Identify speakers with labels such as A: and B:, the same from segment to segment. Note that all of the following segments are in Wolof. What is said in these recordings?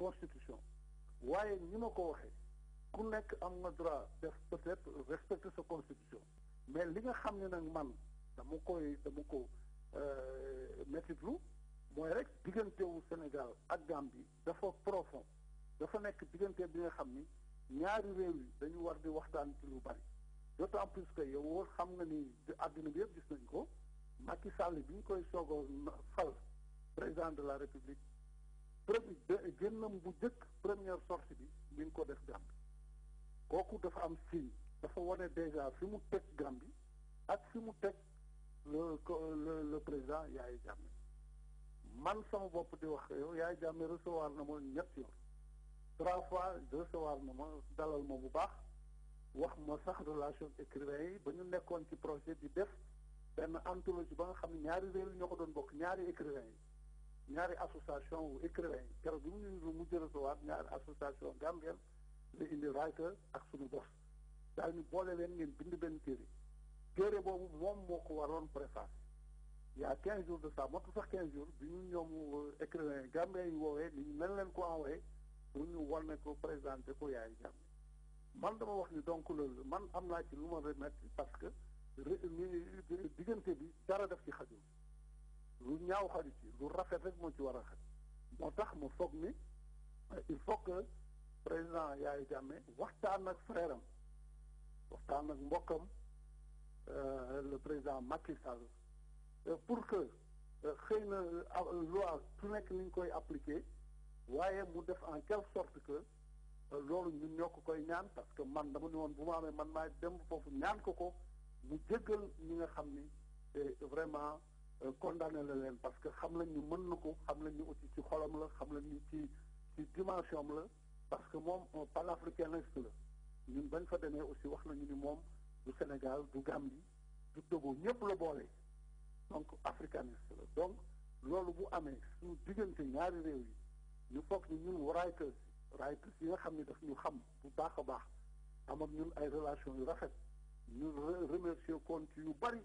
A: constitution ni ko ku am peut-être respecter sa constitution mais li nga nak koy euh, rek Sénégal ak Gambie dafa profond dafa nek bi nga xamni ñaari dañu war di lu bari d'autant plus que yow xam nga ni ko Macky Sall président de la République premier génnam bu njëkk première sortie bi mi ngi ko def Gambie kooku dafa am signe dafa wane déjà fi mu teg Gambie ak fi mu teg le le président Yaya Jammeh man sama bopp di wax yow Yaya Jammeh recevoir na ma ñett yoon trois fois recevoir na ma dalal ma bu baax wax ma sax relation écrivain yi ba ñu nekkoon ci projet di def benn anthologie ba nga xam ne ñaari réew ñoo ko doon bokk ñaari écrivain yi. ñaari association wu écrivain keroog bi mu ñu mujj recevoir ñaari association gambienne la indi writer ak suñu bos daal ñu boole leen ngeen bind benn téere téere boobu moom moo ko waroon préface y a quinze jours de ça motu sax quinze jours bi ñu ñoom euh, écrivain gambien yi woowee ni nañ leen ko envoyé pour ñu war ne ko présenté ko yaay Jammeh man dama wax ni donc loolu man am naa ci lu ma remettre parce que diggante bi dara def ci xajul lu ñaaw xarit ci lu rafet rek moo ci war a xet moo tax mu foog ni il faut que président Yaya Jammeh waxtaan ak frère am waxtaan ak mbokkam euh, le président Macky Sall euh, pour que euh, xëy na loi su nekk ni ñu koy appliquer waaye mu def en quelque sorte que loolu ñun ñoo ko koy ñaan parce que man dama ne woon bu ma amee man maay dem foofu ñaan ko ko mu jéggal ñi nga xam ni vraiment Euh, condamné la leen parce que xam nañ ni mën na ko xam nañ ni aussi ci xolam la xam nañ ni ci ci dimension la parce que moom panafricaniste la ñun bañ fa demee aussi wax nañu ni moom du Sénégal du Gambie du Togo ñëpp la boole donc africaniste la donc loolu bu amee suñu diggante ñaari réew yi ñu foog ni ñun writers writers yi nga xam ni daf ñu xam bu baax a baax am ak ñun ay relation yu rafet ñu remercier compte yu bari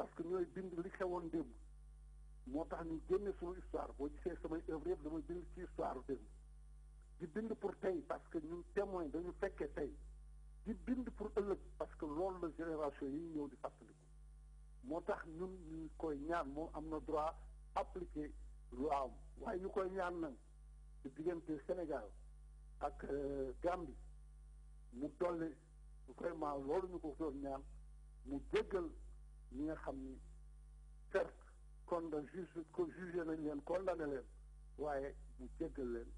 A: parce que ñooy bind li xewoon démb moo tax ñu génne sunu histoire boo gisee samay œuvre yëpp damay bind ci histoire démb di bind pour tey parce que ñun témoin dañu fekkee tey di bind pour ëllëg parce que loolu la génération yi ñëw di fàttaliku moo tax ñun ñu koy ñaan moom am na droit appliquer loi am waaye ñu koy ñaan nag ci diggante Sénégal ak uh, Gambie mu dolli vraiment loolu ñu ko doon ñaan mu jéggal ñi nga xam ni perte condamné juge jugé nañ leen condamné leen waaye mu jéggal leen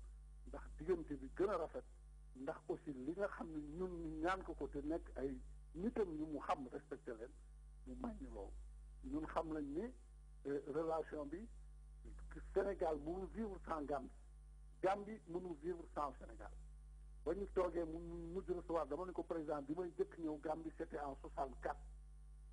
A: ndax diggante bi gën a rafet ndax aussi li nga xam ne ñun ñu ñaan ko ko te nekk ay nitam ñu mu xam respecté leen mu may ñu loolu ñun xam nañ ni euh, relation bi Sénégal mënul vivre sans Gambie Gambie mënul vivre sans Sénégal ba ñu toogee mu mujj recevoir dama ne ko président bi may jëkk ñëw Gambie c'était en 64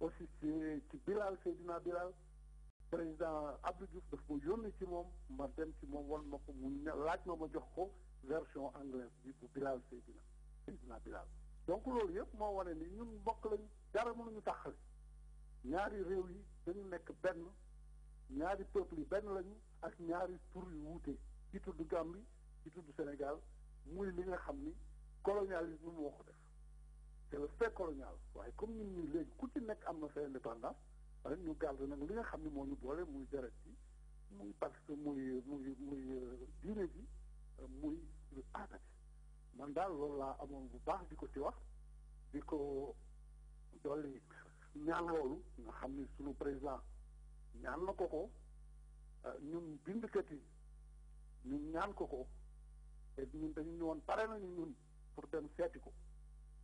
A: aussi ci ci Bilal dinaa Bilal président Abdou Diouf daf ma yónni ci moom ma dem ci moom wan ma ko mu laaj ma ma jox ko version anglaise bi bu Bilal Seydina Seydina Bilal donc loolu yëpp moo wane ni ñun mbokk lañ dara mënuñu taxale ñaari réew yi dañu nekk benn ñaari peuple yi benn lañu ak ñaari pour yu wuute ci tudd Gambie ci tudd Sénégal muy li nga xam ni colonialisme moo ko def c'est le fait colonial waaye comme ñun ñii léegi ku ci nekk am na sa indépendance rek ñu garde nag li nga xam ne moo ñu boole muy deret bi muy parce que muy muy muy euh, diine bi euh, muy aada bi man daal loolu laa amoon bu baax di ko ci wax di ko dolli ñaan loolu nga xam ni suñu président ñaan na ko ko euh, ñun bindkat yi ñun ñaan ko ko te ñun dañu ñëwoon pare nañu ñun pour dem seeti ko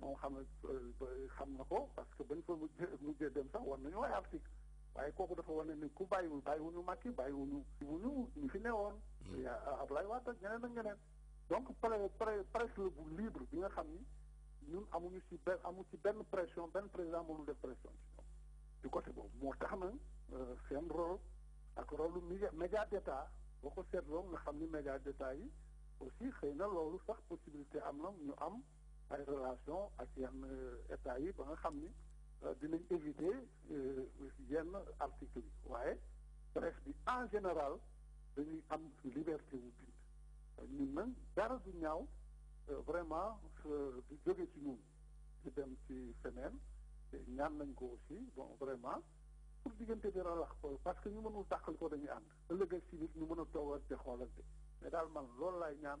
A: moom xam euh, xam na ko parce que bañ fa mujjee dem sax war nañu ay article waaye kooku dafa wane ni ku bàyyiwul bàyyiwuñu Macky bàyyiwuñu wuñu ñu fi newoon hmm. Ablaye Wade ak ñeneen ak ñeneen donc pré pré presse la bu libre bi nga xam ni ñun amuñu si benn amu ci benn pression benn président mënul de pression ci ñoom du côté boobu moo tax na euh, seen rôle ak rôle média d'état boo ko seetloo nga xam ni média d'état yi aussi xëy na loolu sax possibilité am na ñu am ay relation ak yenn euh, état yi ba nga xam ni euh, dinañ éviter euh, yenn article yi waaye presse bi en général dañuy am liberté wu bind ñun nag dara du ñaaw vraiment du jóge ci ñun di dem ci feneen te ñaan nañ ko aussi bon vraiment pour diggante bi relax ko parce que ñu mënul tàqal ko dañuy ànd ëllëg ak si ñu mën a toogal te xoolante mais daal man loolu laay ñaan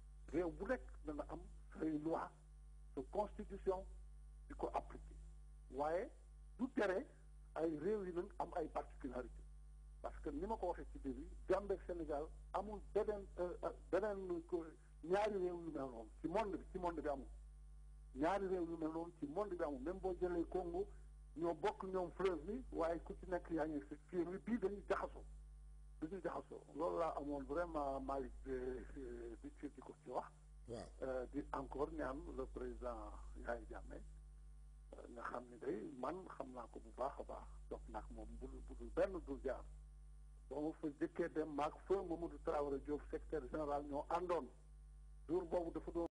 A: réew bu nekk na am say loi sa constitution di ko appliquer waaye du tere ay réew yi nag am ay particularité parce que ni ma ko waxee ci début Gambie ak Sénégal amul beneen euh, euh, beneen ñaari réew yu mel noonu ci monde bi ci monde bi amul ñaari réew yu mel noonu ci monde bi amul même boo jëlee Congo ñoo bokk ñoom fleuve bi waaye ku ci nekk yaa ngi si fiir bi bii dañuy jaxasoo du ñu jaxasoo loolu laa amoon vraiment Malick euh, di ci di ko ci wax. waaw euh, di encore ñaan le président Yaya Jammeh euh, nga xam ni day man xam naa ko bu baax a baax toog naag moom bu dul benn du jaar ba ma fa jëkkee dem maag fa Mamadou Traoré Diop secrétaire général ñoo àndoon jour boobu dafa doon.